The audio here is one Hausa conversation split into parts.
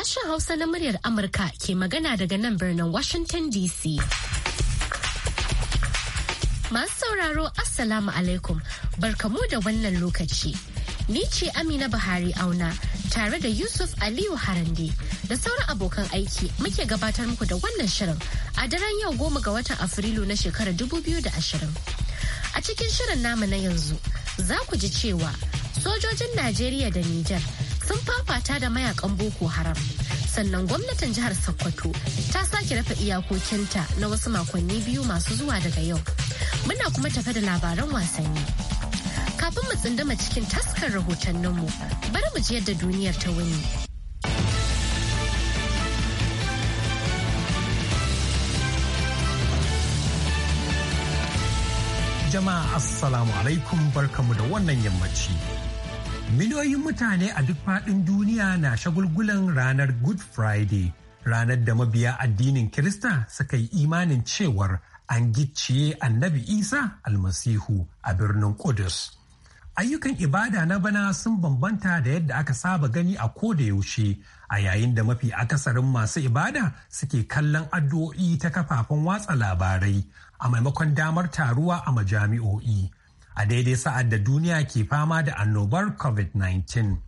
Sashen Hausa na muryar Amurka ke magana daga nan birnin Washington DC. Masu sauraro Assalamu alaikum barkamu da wannan lokaci. Ni ce Amina Buhari auna tare da Yusuf Aliyu Harande da sauran abokan aiki muke gabatar muku da wannan shirin a daren yau goma ga watan Afrilu na shekarar 2020. A cikin shirin namu na yanzu za ku ji cewa sojojin Najeriya da Nijar sun fafata da mayakan boko haram sannan gwamnatin jihar sokoto ta sake rufe iyakokinta na wasu makonni biyu masu zuwa daga yau muna kuma tafe da labaran wasanni kafin mu tsindama cikin taskar rahotanninmu bari mu ji yadda duniyar ta wuni jama'a assalamu alaikum barkamu da wannan yammaci Miliyoyin mutane a duk faɗin duniya na shagulgulan ranar Good Friday, ranar da mabiya addinin Kirista suka yi imanin cewar an gicciye annabi Isa almasihu a birnin Kudus. Ayyukan ibada na bana sun bambanta da yadda aka saba gani a koda yaushe a yayin da mafi akasarin masu ibada suke kallon addu'o'i ta kafafen watsa labarai a maimakon damar taruwa a majami'o'i. a daidai sa'ad da duniya ke fama da annobar covid-19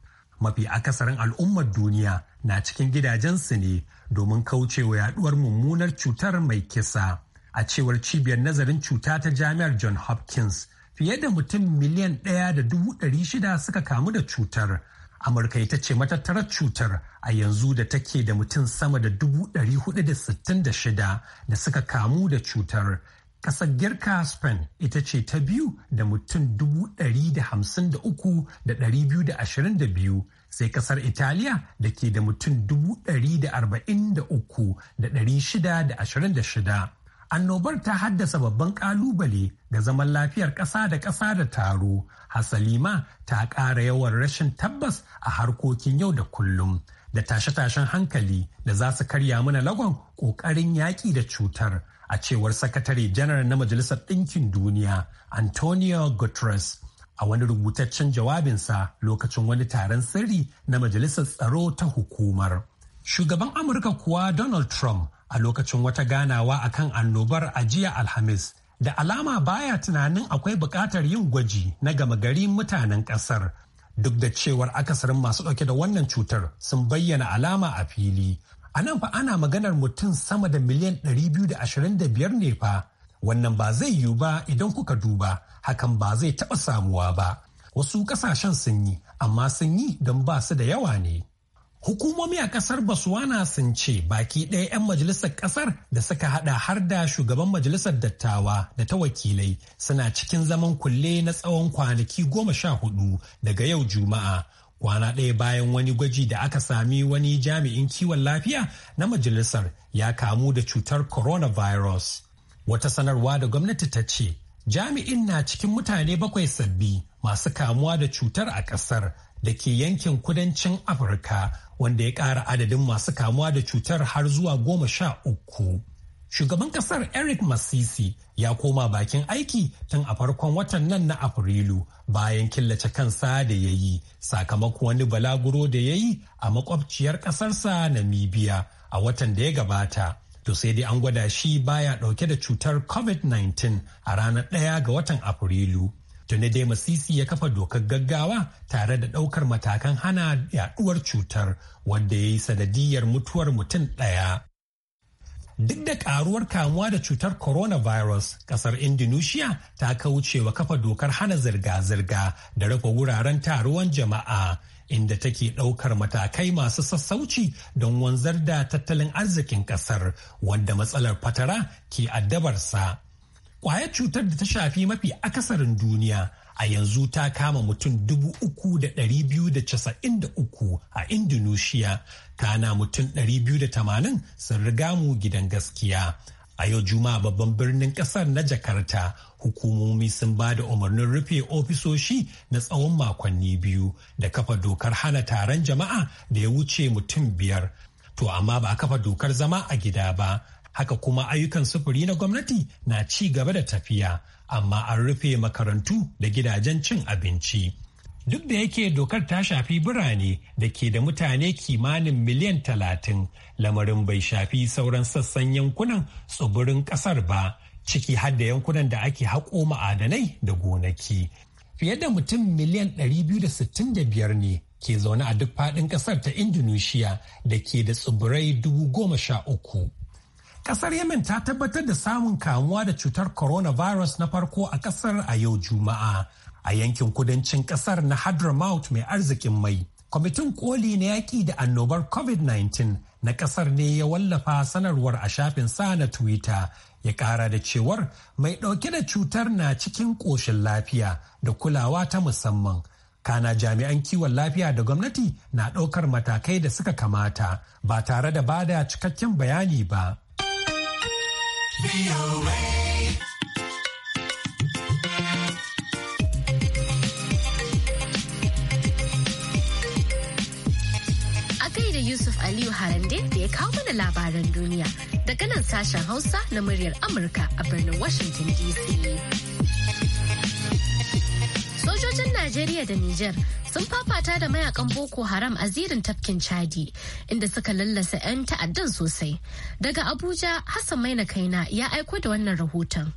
mafi akasarin al'ummar duniya na cikin gidajensu ne domin kaucewa yaduwar mummunar cutar mai kisa a cewar cibiyar nazarin cuta ta jami'ar john hopkins fiye da mutum miliyan ɗaya da dubu ɗari shida suka kamu da cutar amurka ita ce matattarar cutar a yanzu da take da mutum sama da dubu ɗari hudu da sittin da shida da suka kamu da cutar Ƙasar Girka Spain ita ce ta biyu da mutum 153,222 sai ƙasar Italiya da ke da mutum 143,626. Annobar ta haddasa babban ƙalubale ga zaman lafiyar ƙasa da ƙasa da taro, hasalima ta ƙara yawan rashin tabbas a harkokin yau da kullum. da tashe-tashen hankali da za su karya mana lagon ƙoƙarin yaƙi da cutar a cewar sakatare janar na majalisar ɗinkin duniya antonio guterres a wani rubutaccen jawabinsa lokacin wani taron sirri na majalisar tsaro ta hukumar shugaban amurka kuwa donald trump a lokacin wata ganawa akan annobar a jiya alhamis da alama baya tunanin akwai buƙatar yin gwaji na gama gari mutanen ƙasar duk da cewar akasarin masu ɗauke da wannan cutar sun bayyana alama a fili A nan fa ana maganar mutum sama da miliyan 225 ne fa. Wannan ba zai yiwu ba idan kuka duba, hakan ba zai taɓa samuwa ba. Wasu ƙasashen sun yi, amma sun yi don ba su da yawa ne. Hukumomi a ƙasar Botswana sun ce baki ɗaya 'yan majalisar Ƙasar da suka hada har da shugaban majalisar dattawa da ta wakilai suna cikin zaman kulle na tsawon kwanaki goma sha hudu daga yau Juma'a kwana ɗaya bayan wani gwaji da aka sami wani jami'in kiwon lafiya na majalisar ya kamu da cutar coronavirus. Wata sanarwa da gwamnati ta ce, jami'in na cikin mutane bakwai sabbi masu kamuwa da cutar a ƙasar da ke yankin kudancin Afirka wanda ya ƙara adadin masu kamuwa da cutar har zuwa goma sha uku. Shugaban kasar Eric Masisi ya koma bakin aiki tun a farkon watan nan na Afrilu bayan killace kansa da ya yi sakamakon wani balaguro da ya yi a makwabciyar kasarsa Namibia a watan da ya gabata. To sai dai an gwada shi baya dauke da cutar COVID-19 a ranar ɗaya ga watan Afrilu. Tuni dai Masisi ya kafa dokar gaggawa tare da ɗaukar matakan hana yaduwar cutar wanda ya yi sanadiyar mutuwar mutum ɗaya. Duk da karuwar kamuwa da cutar coronavirus, kasar Indonesia ta kaucewa kafa dokar hana zirga-zirga da rufe wuraren taruwan jama'a, inda take ɗaukar matakai masu sassauci don wanzar da tattalin arzikin kasar, wanda matsalar fatara ke addabarsa. Ƙwayar cutar da ta shafi mafi akasarin duniya a yanzu ta kama mutum dubu uku da ɗari biyu uku a Indonesia kana mutum 280 sun riga mu gidan gaskiya a yau juma'a babban birnin kasar na jakarta hukumomi sun ba da umarnin rufe ofisoshi na tsawon makonni biyu da kafa dokar hana taron jama'a da ya wuce mutum biyar to amma ba a kafa dokar zama a gida ba haka kuma ayyukan sufuri na gwamnati na ci gaba da tafiya amma an rufe makarantu da gidajen cin abinci Duk da yake dokar ta shafi birane da ke da mutane kimanin miliyan talatin, lamarin bai shafi sauran sassan yankunan tsibirin ƙasar ba, ciki har da yankunan da ake haƙo ma'adanai da gonaki. Fiye da mutum miliyan 265 ne ke zaune a duk faɗin ƙasar ta Indonesia da ke da tsibirai uku. Ƙasar Yemen ta tabbatar da samun kamuwa da cutar coronavirus na farko a ƙasar a yau Juma'a. a yankin kudancin kasar na Hadramaut mai arzikin mai. Kwamitin koli na yaƙi da annobar COVID-19 na kasar ne ya wallafa sanarwar a shafin sa na Twitter ya ƙara da cewar mai ɗauke da cutar na cikin ƙoshin lafiya da kulawa ta musamman. kana jami'an kiwon lafiya da gwamnati na ɗaukar matakai da suka kamata ba tare da bada cikakken bayani ba. da labaran duniya daga nan sashen Hausa na muryar Amurka a birnin Washington DC. Sojojin Najeriya da Nijar sun fafata da mayakan Boko Haram a zirin tafkin Chadi inda suka lallasa 'yan ta'addan sosai. Daga Abuja, Hassan Maina Kaina ya aiko da wannan rahoton.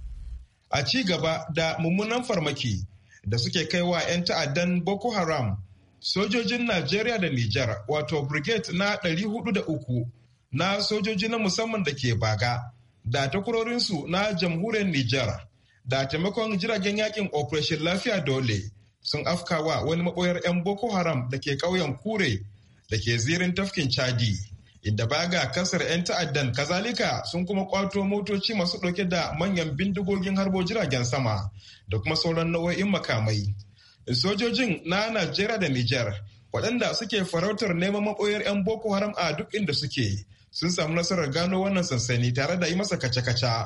A ci gaba da mummunan farmaki da suke kai wa 'yan ta'addan Boko Haram, sojojin Najeriya da Nijar wato Brigade na 403 na sojoji na musamman da ke baga da takurorinsu na jamhuriyar Nijar da taimakon jiragen yakin Operation Lafiya Dole sun afkawa wani maboyar 'yan Boko Haram da ke ƙauyen Kure da ke zirin tafkin Chadi. Inda baga kasar 'yan ta'addan kazalika sun kuma kwato motoci masu ɗauke da manyan bindigogin harbo jiragen sama da kuma sauran nau'o'in makamai. Sojojin na Najeriya da Nijar waɗanda suke farautar neman maboyar 'yan Boko Haram a duk inda suke. sun samu nasarar gano wannan sansani tare da yi masa kace-kace.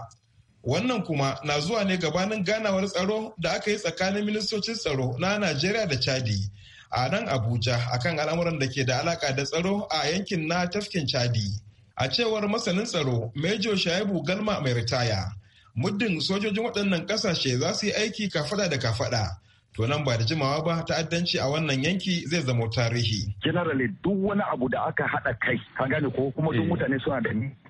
Wannan kuma na zuwa ne gabanin ganawar tsaro da aka yi tsakanin ministocin tsaro na Najeriya da Chadi a nan Abuja akan al'amuran da ke da alaka da tsaro a yankin na tafkin Chadi. A cewar masanin tsaro Major Shaibu Galma mai ritaya, muddin sojojin waɗannan ƙasashe za su yi aiki kafada da kafada. to nan ba da jimawa ba ta'addanci a wannan yanki zai zama tarihi. Generally duk wani abu da aka haɗa kai, ka gane ko kuma duk eh. mutane suna da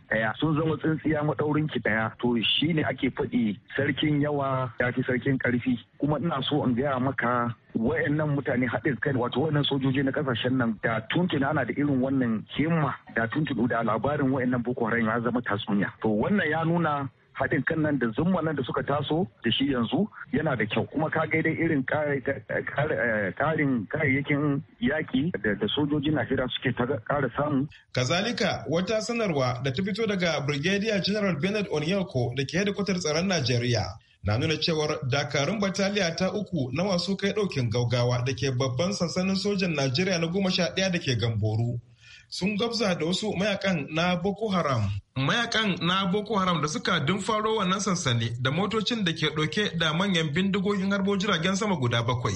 daya sun zama tsintsiya madaurin ki daya to shine ake faɗi sarkin yawa ya fi sarkin karfi kuma ina so in gaya maka wayannan mutane haɗin kai wato wayannan sojoji na kasashen nan da tunkin ana da irin wannan himma da tunkin da labarin wayannan boko haram ya zama tatsuniya to wannan ya nuna haɗin kan nan da zumma nan da suka taso da shi yanzu yana da kyau kuma ka gaida irin eh, karin kayayyakin yaki da na Najeriya suke kara samu. Kazalika wata sanarwa da ta fito daga Brigadier General Bernard Onyeko da ke hedikwatar tsaron Najeriya. na nuna cewar dakarun bataliya ta uku na wasu kai daukin gaugawa da ke babban sansanin sojan najeriya na goma sha ɗaya da ke gamboru sun gabza da wasu mayakan na Boko Haram. Mayakan na Boko Haram da suka dun faro wannan sansani da motocin da ke ɗauke da manyan bindigogin harbo jiragen sama guda bakwai.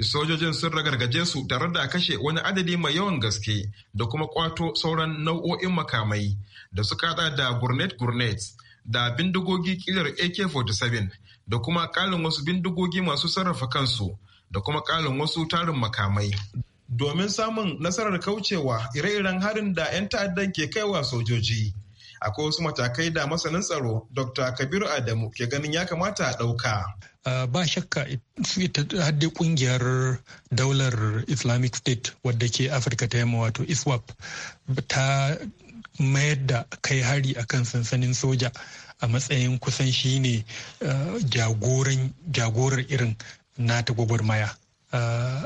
Sojojin sun ragargaje su tare da kashe wani adadi mai yawan gaske da kuma kwato sauran nau'o'in makamai da suka hada da gurnet-gurnet da bindigogi kilar AK-47 da kuma kalin wasu bindigogi masu sarrafa kansu da kuma kalin wasu tarin makamai. domin samun nasarar kaucewa ire-iren harin da 'yan ta'addan ke kaiwa sojoji. Akwai wasu matakai da masanin tsaro Dr. Kabiru Adamu ke ganin ya kamata a ɗauka. ba shakka ita haddi kungiyar daular Islamic State wadda ke Afirka ta yamma wato ISWAP ta mayar da kai hari akan sansanin soja a matsayin kusan shi ne jagorar irin nata gwagwarmaya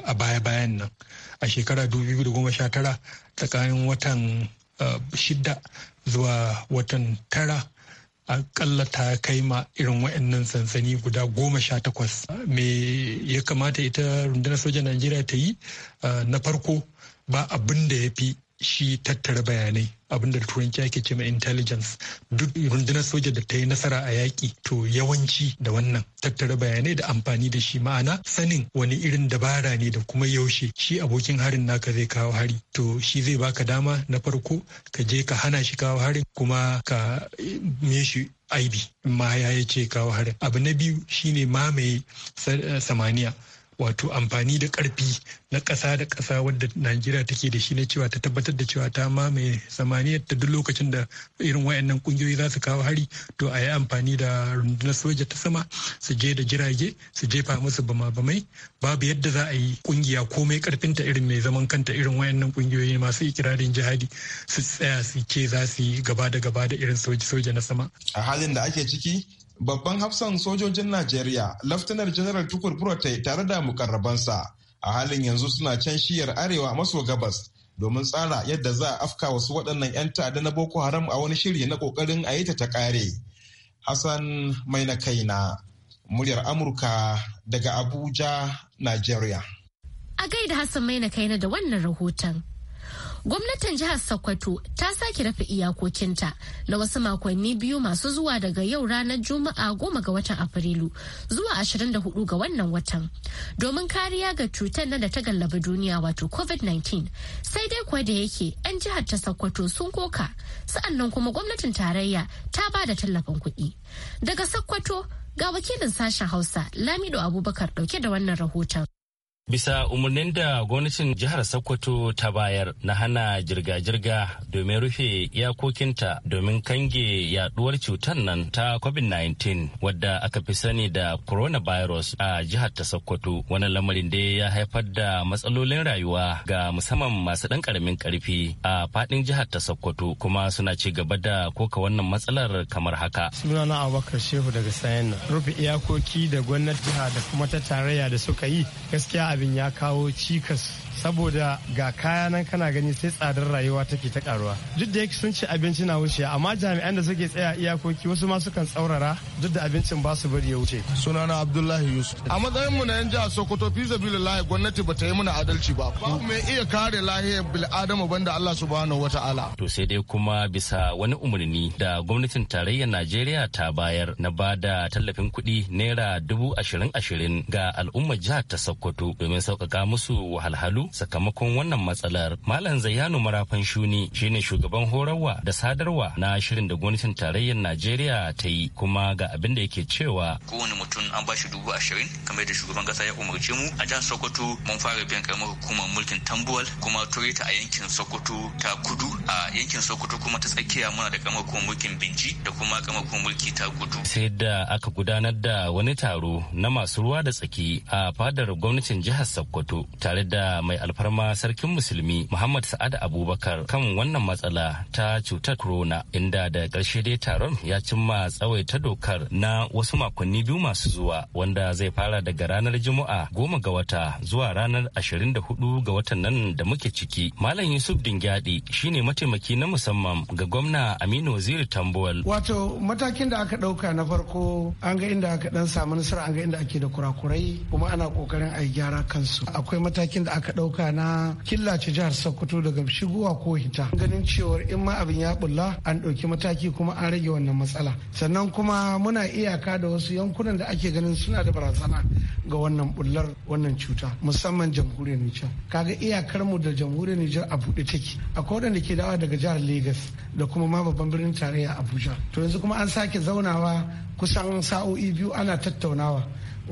a baya-bayan nan. a shekara 2019 tsakanin watan uh, shida zuwa watan tara akalla ta kai ma irin wa'annan sansani guda goma sha takwas me ya kamata ita rundunar sojan najeriya ta yi uh, na farko ba abin da ya fi shi tattara bayanai abinda da turanci ake cewa intelligence duk rundunar soja da ta yi nasara a yaƙi to yawanci da wannan tattara bayanai da amfani da shi ma'ana sanin wani irin dabara ne da kuma yaushe shi abokin harin naka zai kawo hari to shi zai baka dama na farko ka je ka hana shi kawo harin kuma ka me shi aibi ma ya ce kawo harin abu na biyu shine mamaye eh, samaniya wato amfani da karfi na ƙasa da kasa wadda najeriya take da shi na cewa ta tabbatar da cewa ta mamaye samaniyar ta duk lokacin da irin wayannan kungiyoyi za su kawo hari to a yi amfani da rundunar soja ta sama su je da jirage su jefa musu bama-bamai babu yadda za a yi kungiya komai ta irin mai zaman kanta irin wayannan kungiyoyi masu ikirarin jihadi su tsaya su ce za su yi gaba da gaba da irin soja na sama a halin da ake ciki babban hafsan sojojin najeriya laftanar General tukur Burotai tare da mukarrabansa a halin yanzu suna can shiyar arewa maso gabas domin tsara yadda za a afka wasu waɗannan 'yan ta'adda na boko haram a wani shiri na ƙoƙarin a yi ta ƙare hassan mai na kaina muryar amurka daga abuja Najeriya. a gaida hassan mai na kaina da wannan rahoton Gwamnatin jihar Sokoto ta sake rufe iyakokinta na wasu makonni biyu masu zuwa daga yau ranar Juma'a goma ga watan Afrilu zuwa 24 ga wannan watan. Domin kariya ga cutar nan da ta gallaba duniya wato COVID-19. Sai dai kuwa da yake 'yan jihar ta Sokoto sun koka sa'annan kuma gwamnatin tarayya ta ba da tallafin kuɗi. Daga Sokoto ga wakilin sashen Hausa Lamido Abubakar dauke da wannan rahoton. Bisa umarnin da gwamnatin jihar Sokoto ta bayar na hana jirga-jirga domin rufe iyakokinta domin kange yaduwar cutar nan ta COVID-19 wadda aka fi sani da coronavirus a jihar ta Sokoto. wani lamarin dai ya haifar da matsalolin rayuwa ga musamman masu ɗan ƙaramin ƙarfi a faɗin jihar ta Sokoto kuma suna ci gaba da koka wannan matsalar kamar haka. Sunana Abubakar Shehu daga Sayan. Rufe iyakoki da gwamnati jiha da kuma ta tarayya da suka yi gaskiya abin ya kawo cikas saboda ga kaya nan kana gani sai tsadar rayuwa take ta karuwa duk da yake sun ci abinci na wuce amma jami'an da suke tsaya iyakoki wasu ma sukan tsaurara duk da abincin ba su bari ya wuce sunana abdullahi yusuf a matsayin mu na yan jihar sokoto fi sabilillahi gwamnati bata yi mana adalci ba Ba mu iya kare lahiyar bil bil'adama banda Allah subhanahu wataala to sai dai kuma bisa wani umarni da gwamnatin tarayyar Najeriya ta bayar na ba da tallafin kuɗi naira dubu ashirin ashirin ga al'ummar jihar ta Sokoto domin sauƙaƙa musu wahalhalu sakamakon wannan matsalar. Malam Zayyanu Marafan Shuni shine shugaban horarwa da sadarwa na shirin da gwamnatin tarayyar Najeriya ta yi kuma ga abin da yake cewa. Kowane mutum an ba shi dubu ashirin kamar da shugaban ƙasa ya umarci mu a jihar Sokoto mun fara biyan karamar hukumar mulkin Tambuwal kuma Tureta a yankin Sokoto ta kudu a yankin Sokoto kuma ta tsakiya muna da karamar hukumar mulkin Binji da kuma karamar hukumar mulki ta kudu. Sai da aka gudanar da wani taro na masu ruwa da tsaki a fadar gwamnatin jihar Sokoto tare da mai alfarma sarkin musulmi Muhammad Sa'ad Abubakar kan wannan matsala ta cutar corona inda da karshe dai taron ya cimma tsawai ta dokar na wasu makonni biyu masu zuwa wanda zai fara daga ranar Juma'a goma ga wata zuwa ranar ashirin da hudu ga watan nan da muke ciki. Malam Yusuf Dingyadi shine mataimaki na musamman ga gwamna Aminu Waziri Tambuwal. Wato matakin da aka ɗauka na farko an ga inda aka ɗan samu nasara an ga inda ake da kurakurai kuma ana ƙoƙarin a yi gyara kansu akwai matakin da aka ɗauka na killace jihar sokoto daga shigowa ko hita ganin cewar in ma abin ya bulla an ɗauki mataki kuma an rage wannan matsala sannan kuma muna iyaka da wasu yankunan da ake ganin suna da barazana ga wannan bullar wannan cuta musamman jamhuriyar nijar kaga iyakar mu da jamhuriyar nijar a buɗe take akwai waɗanda ke dawa daga jihar Legas da kuma ma babban birnin tarayya abuja to yanzu kuma an sake zaunawa kusan sa'o'i biyu ana tattaunawa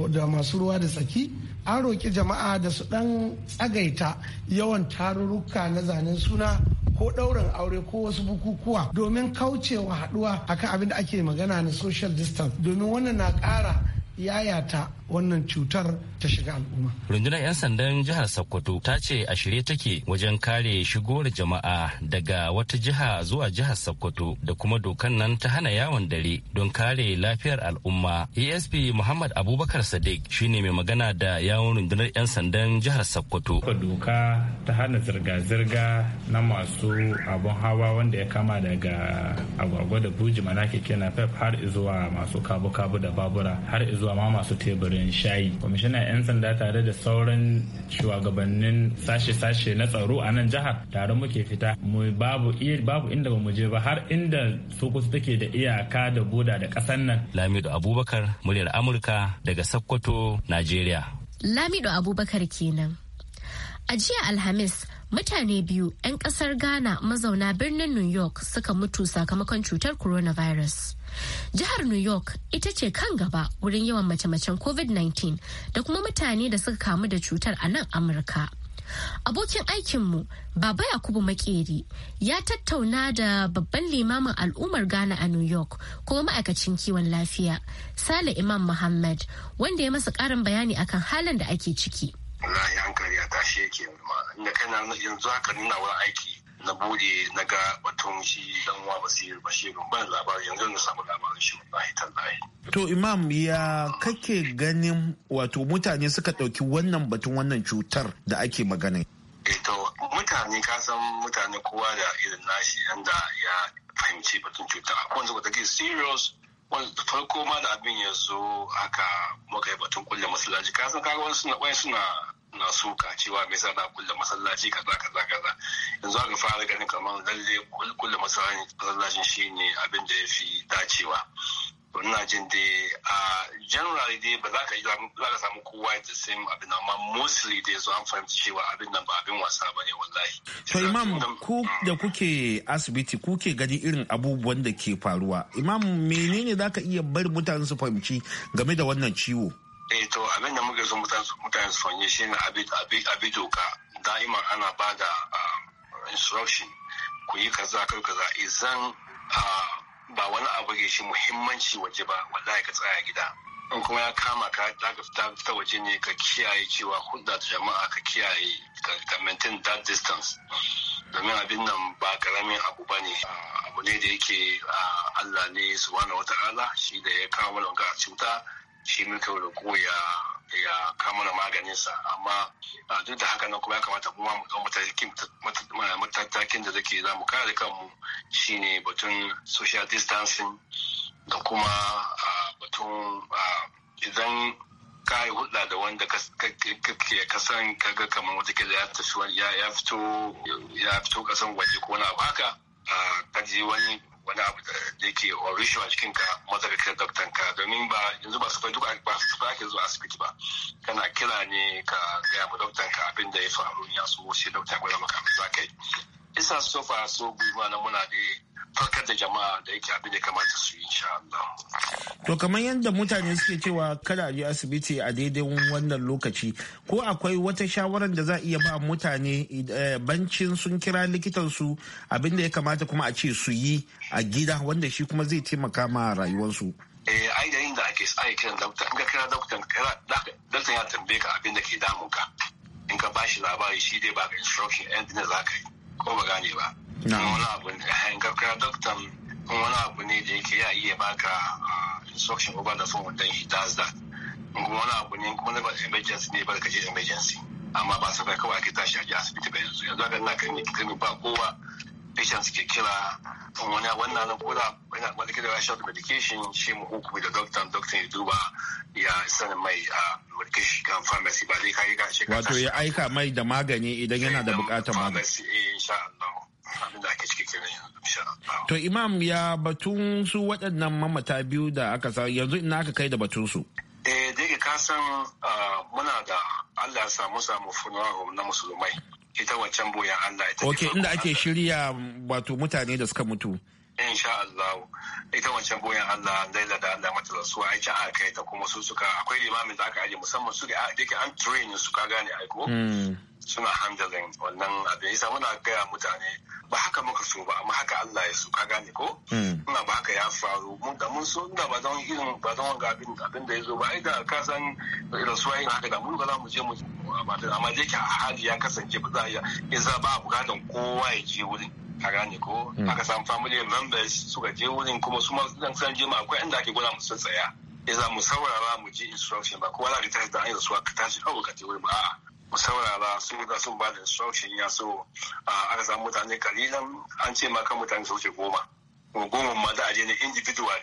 da masu ruwa da tsaki an roƙi jama'a da su ɗan tsagaita yawan tarurruka na zanen suna ko ɗaurin aure ko wasu bukukuwa domin kaucewa haɗuwa akan abin da ake magana na social distance domin wannan na ƙara yayata wannan cutar ta shiga al'umma. Rundunar 'yan sandan jihar Sokoto ta ce a shirye take wajen kare shigowar jama'a daga wata jiha zuwa jihar Sokoto da kuma dokan nan ta hana yawon dare don kare lafiyar al'umma. ESP Muhammad Abubakar Sadiq shine mai magana da yawon rundunar 'yan sandan jihar Sokoto. Doka ta hana zirga-zirga na masu abun hawa wanda ya kama daga agwagwa da buji mana keke na har zuwa masu kabu-kabu da babura har zuwa ma masu teburin shayi. Kwamishinan 'yan sanda tare da sauran shugabannin sashe-sashe na tsaro a nan jihar tare muke fita mu babu babu inda ba mu je ba har inda sokoto take da iyaka da boda da kasan nan lamido abubakar muryar amurka daga sokoto nigeria lamido abubakar kenan a jiya alhamis mutane biyu 'yan kasar ghana mazauna birnin new york suka mutu sakamakon cutar coronavirus Jihar New York ita ce kan gaba wurin yawan mace-macen COVID-19 da kuma mutane da suka kamu da cutar a nan Amurka. Abokin aikinmu Baba Yakubu Makeri ya tattauna da babban limamin al'ummar Ghana a New York kuma ma'aikacin kiwon lafiya Sale Imam Muhammad wanda ya masa ƙarin bayani akan halin da ake ciki. Wallahi hankali a tashi yake ma inda kana yanzu haka nuna wani aiki na bude na ga batun shi dan uwa basir bashirun ban labarin yanzu na samu labarin shi wallahi tallahi to imam ya kake ganin wato mutane suka dauki wannan batun wannan cutar da ake magana eh, to mutane ka san mutane kowa da irin nashi yanda ya fahimci batun cutar akwai wanda take serious wanda farko ma da abin ya zo haka muka yi batun kulle masallaci ka san kaga wani suna na suka cewa me yasa na kulle masallaci kaza kaza kaza yanzu aka fara ganin kamar lalle kulle masallacin shine abin da ya fi dacewa to ina jin dai a generally dai ba za ka yi za ka samu kowa da same abin amma mostly dai zo an fahimci cewa abin nan ba abin wasa ba ne wallahi to imam ku da kuke asibiti kuke gani irin abubuwan da ke faruwa imam menene za ka iya bari mutane su fahimci game da wannan ciwo eh to abin da muka so mutane su fanye shi na abi doka da'iman ana ba da instruction ku yi kaza kai kaza izan ba wani abu ke shi muhimmanci waje ba wallahi ka tsaya gida in kuma ya kama ka daga fita waje ne ka kiyaye cewa hudda ta jama'a ka kiyaye ka maintain that distance domin abin nan ba karamin abu ba ne abu ne da yake Allah ne su wata wata'ala shi da ya kawo mana a cuta shi muka roƙo ya ya kama na sa? amma duk da haka nan kuma ya kamata kuma mu dau matakin da zake zamu mu kare kanmu shine batun social distancing da kuma batun idan ka yi hulɗa da wanda kake kasan kaga kamar wata ke ya fito ya fito kasan waje ko na haka ka je wani wani abu da yake orishin a cikin ka kira doktan ka domin ba yanzu ba su kai duka ba su kai zuwa asibiti ba kana kira ne ka gaya ma doktan ka abin da ya faru ya so shi doktan gwada maka za ka yi isa so fa so gwiwa na muna da farkar da jama'a da yake abin da kamata su yi insha Allah. To kamar yadda mutane suke cewa kada a je asibiti a daidai wannan lokaci ko akwai wata shawarar da za a iya ba mutane eh, bancin sun kira likitan su abin da ya kamata kuma a ce su yi a gida wanda shi kuma zai taimaka ma rayuwarsu. Eh ai da yin da ake ai kiran dokta in ka kira dokta dokta ya tambaye ka abin da ke damun ka in ka bashi labari shi dai baka instruction ɗin da za ka yi ko ba gane ba kuma wani abu ne gaggara eh, doktan kuma wani abu ne da yake ya iya baka ah, instruction over the phone then he does that kuma wani abu ne kuma na ba emergency ne ba da kaje emergency amma ba su kawai ake tashi a ji asibiti ba yanzu yanzu haka na kan ba kowa patients ke kira wani wannan na koda yana wani kira ya shafi medication shi mu hukum da doctor doctor ya duba ya sani mai a medication kan pharmacy ba zai kai ga shi wato ya aika mai da magani idan yana da bukatar magani eh, insha Allah To Imam ya batun su waɗannan mamata biyu da aka sa yanzu ina aka kai da batun su. Eh da ka san muna da Allah ya samu samu funeral na musulmai. ita wancan boyan Allah. Ok, inda ake shirya wato mutane da suka mutu. In sha Allah ita wancan boyan Allah zai da Allah mata rasuwa ai can kai ta kuma su suka akwai limamin da aka aje musamman su da yake an train su ka gane aiko hmm. suna handling wannan abin isa muna gaya mutane ba haka muka so ba amma haka Allah ya su ka gane ko muna hmm. ba haka ya faru mun da mun so da ba zan irin ba zan wanga abin abin da ya zo ba ai da ka san rasuwa irin haka da mun ga za mu je mu amma dai ke hali ya kasance ba za a iya ba a bukatan kowa ya je wurin a gane ko hmm. aka samu family members suka je wurin kuma su ma san je ma akwai inda ake gwada musu tsaya ya za mu saurara mu ji instruction ba kowa za tashi da an yi su aka tashi kawai ka je ba a'a mu saurara su da sun ba da instruction ya so aka samu mutane kalilan an ce ma kan mutane su wuce goma goma ma za a je ne individually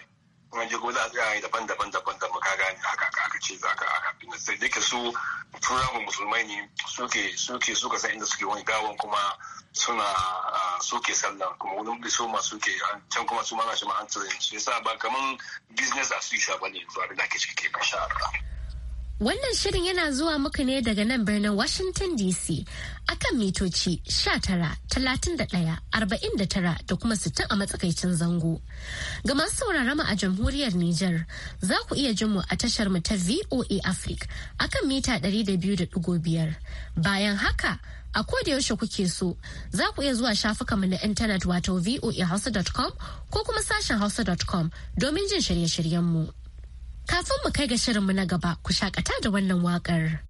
kuma je gobe za a tsaya daban daban daban daban ka gani haka ka aka ce za ka aka bin sai duka su turawa musulmai ne suke suke suka san inda suke wani gawan kuma suna suke sallah kuma wani biso ma suke can kuma su mana shi ma an tsirin shi yasa ba kaman business as usual bane yanzu da ke ciki ke kan Wannan shirin yana zuwa muku ne daga nan birnin Washington DC akan mitoci talatin da kuma 60 a matsakaicin zango. Ga masu saurara mu a jamhuriyar Nijar za ku iya jin mu a tashar mu ta VOA Africa akan mita 200.5. Bayan haka a koda yaushe kuke so za ku iya zuwa mu na intanet wato voahausa.com ko kuma sashen hausa.com domin jin shirye-shiryenmu. mu. Kafin mu kai ga shirinmu na gaba ku shakata da wannan waƙar.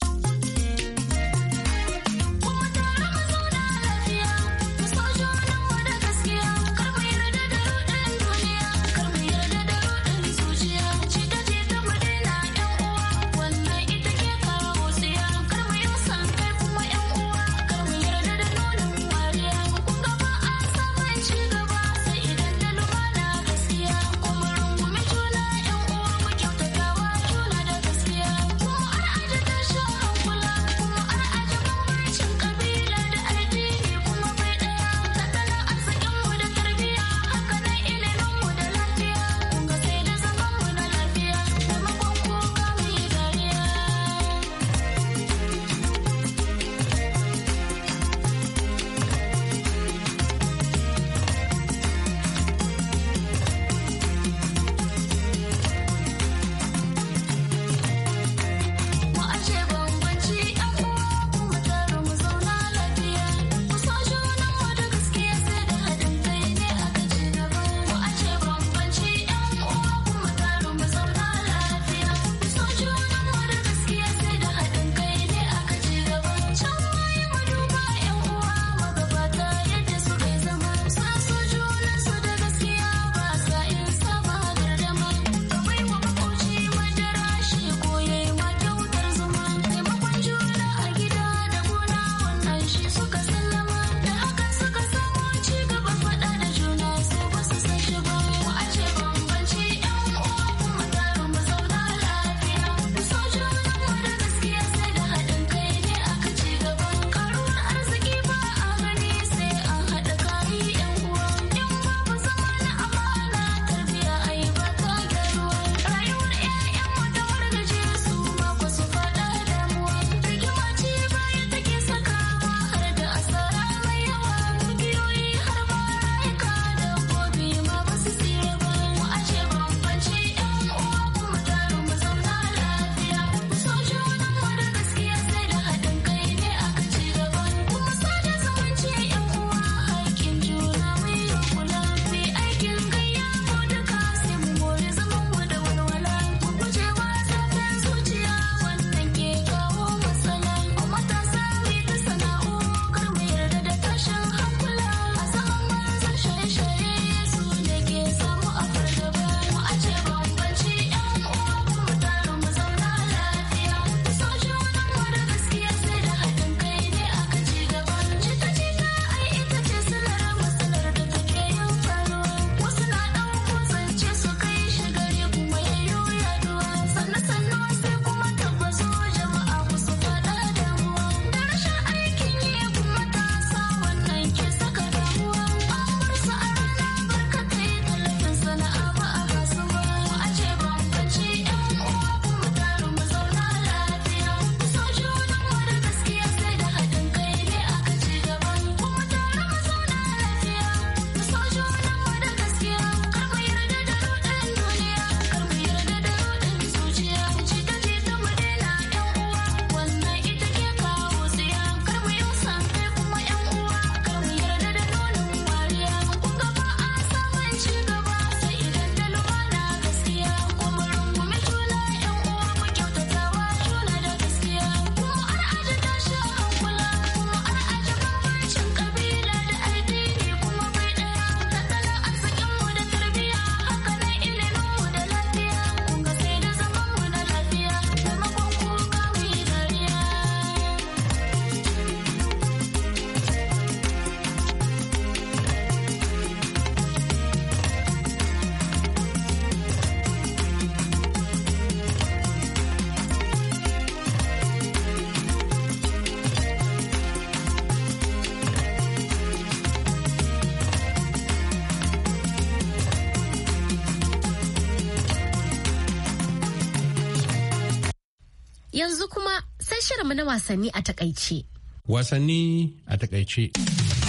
Yanzu kuma sai shirinmu na wasanni a takaice. Wasanni a takaice.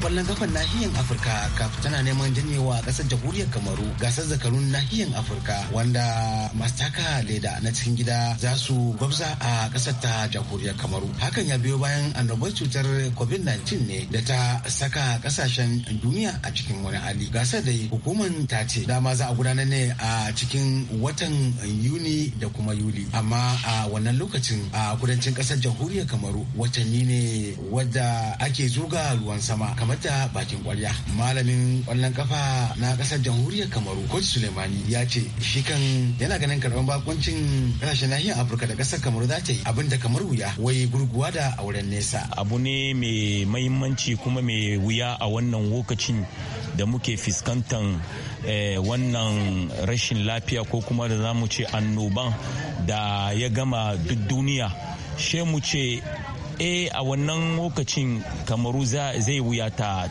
kwallon kafan nahiyar Afirka kaf tana neman janyewa kasar jamhuriyar Kamaru gasar zakarun nahiyar Afirka wanda masu taka leda na cikin gida za su gwabza a kasar ta jamhuriyar Kamaru. Hakan ya biyo bayan annobar cutar COVID-19 ne da ta saka kasashen duniya a cikin wani hali. Gasar da hukumar ta ce dama za a gudanar ne a cikin watan Yuni da kuma Yuli. Amma a wannan lokacin a kudancin kasar jamhuriyar Kamaru watanni ne wadda ake zuga ruwan sama kamar mata bakin kwarya malamin kwallon kafa na kasar jamhuriyar kamaru coach sulemani ya ce shi kan yana ganin karban bakuncin kasashen nahiyar afirka da kasar kamaru za ta yi abin da kamar wuya wai gurguwa da auren nesa abu ne mai mahimmanci kuma mai wuya a wannan lokacin da muke fuskantan eh, wannan rashin lafiya ko kuma da za mu ce annoban da ya gama duk duniya shemu mu ce e a wannan lokacin kamaru zai wuya ta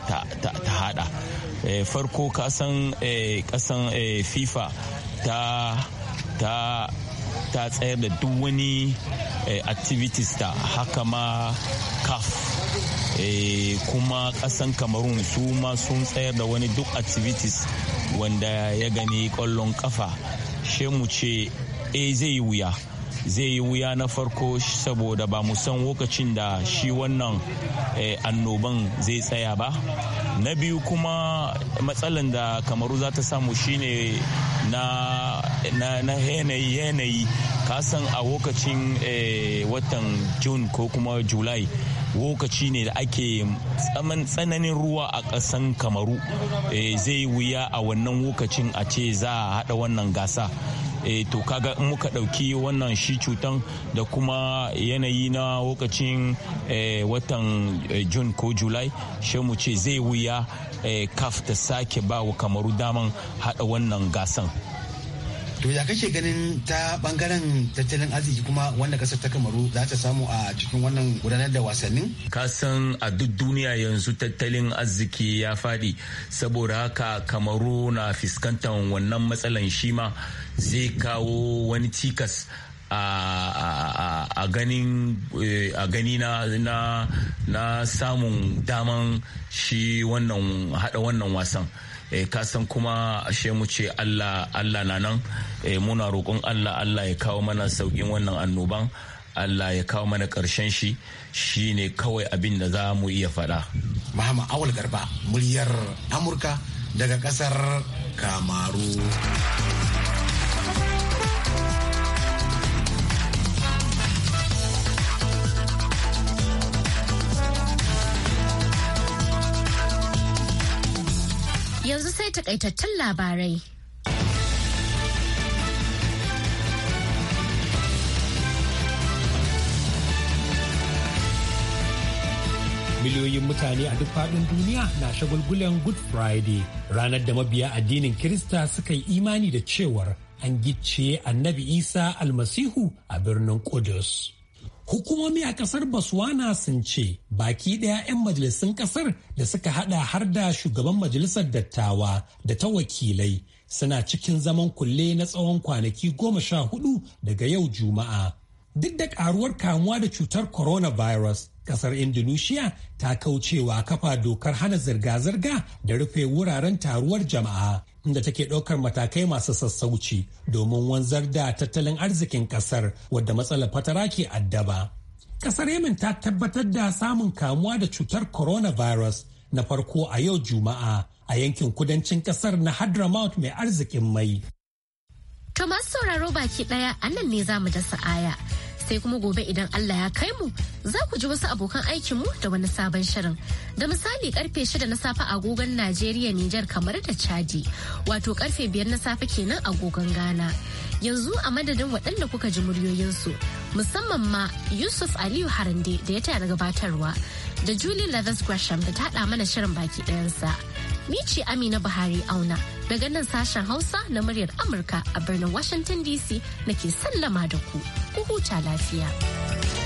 hada eh, farko kasan eh, kasan fifa ta ta ta tsayar da duk wani activities ta haka ma caf kuma kasan kamarun su ma sun tsayar da wani duk activities wanda ya gani kwallon kafa mu ce e zai wuya zai yi wuya na farko saboda ba mu san lokacin da shi wannan eh, annoban zai tsaya ba na biyu kuma matsalan da kamaru za ta samu shine na na yanayi yanayi kasan a lokacin eh, watan june ko kuma july lokaci ne da ake tsananin ruwa a ƙasan kamaru eh, zai wuya a wannan lokacin a ce za a haɗa wannan gasa Eh, to kaga in muka ɗauki wannan shi cutan da kuma yanayi na lokacin eh, watan eh, jun ko julai shi mu ce zai wuya kaf ta sake ba wa kamaru daman hada wannan gasan to ya kake ganin ta bangaren tattalin arziki kuma wanda kasar ta kamaru za ta samu a cikin wannan gudanar da wasannin kasan a duk duniya yanzu tattalin arziki ya fadi saboda haka kamaru na fuskantar wannan matsalan shima zai kawo wani cikas a eh, gani na samun daman shi wannan hada wannan wasan e, eh, kasan kuma ashe mu ce allah allah na nan e, muna roƙon allah allah ya kawo mana saukin wannan annoban allah ya kawo mana ƙarshen shi shi ne kawai abin da za mu iya fada. Muhammad Awal Garba muryar Amurka daga ƙasar Kamaru. takaitattun labarai. miliyoyin mutane a duk faɗin duniya na shagulgulen good friday ranar da mabiya addinin kirista suka yi imani da cewar an gicciye annabi isa almasihu a birnin kudus Hukumomi a kasar Botswana sun ce baki ɗaya 'yan majalisun kasar da suka hada har da shugaban majalisar dattawa da ta wakilai suna cikin zaman kulle na tsawon kwanaki goma sha hudu daga yau Juma'a. Duk da karuwar kamuwa da cutar coronavirus, kasar Indonesia ta kaucewa kafa dokar hana zirga-zirga da rufe wuraren taruwar jama'a inda take ɗaukar matakai masu sassauci domin wanzar da tattalin arzikin ƙasar wadda matsalar fatara ke addaba. Ƙasar Yemen ta tabbatar da samun kamuwa da cutar coronavirus na farko a yau Juma'a a yankin kudancin ƙasar na Hadramaut mai arzikin mai. To masu sauraro baki ɗaya a nan ne za mu dasa aya sai kuma gobe idan Allah ya kai mu za ku ji wasu abokan mu da wani sabon shirin. Da misali karfe shida na safe agogon Najeriya Nijar kamar da Chadi wato karfe biyar na safe kenan agogon Ghana. Yanzu a madadin waɗanda kuka ji muryoyinsu musamman ma Yusuf Aliyu Harande da ya taya gabatarwa da Julie Leathers Gresham da ta haɗa mana shirin baki ɗayansa. Ni ce Amina Buhari auna daga nan sashen Hausa na muryar Amurka a birnin Washington DC nake sallama da ku. Ku huta lafiya.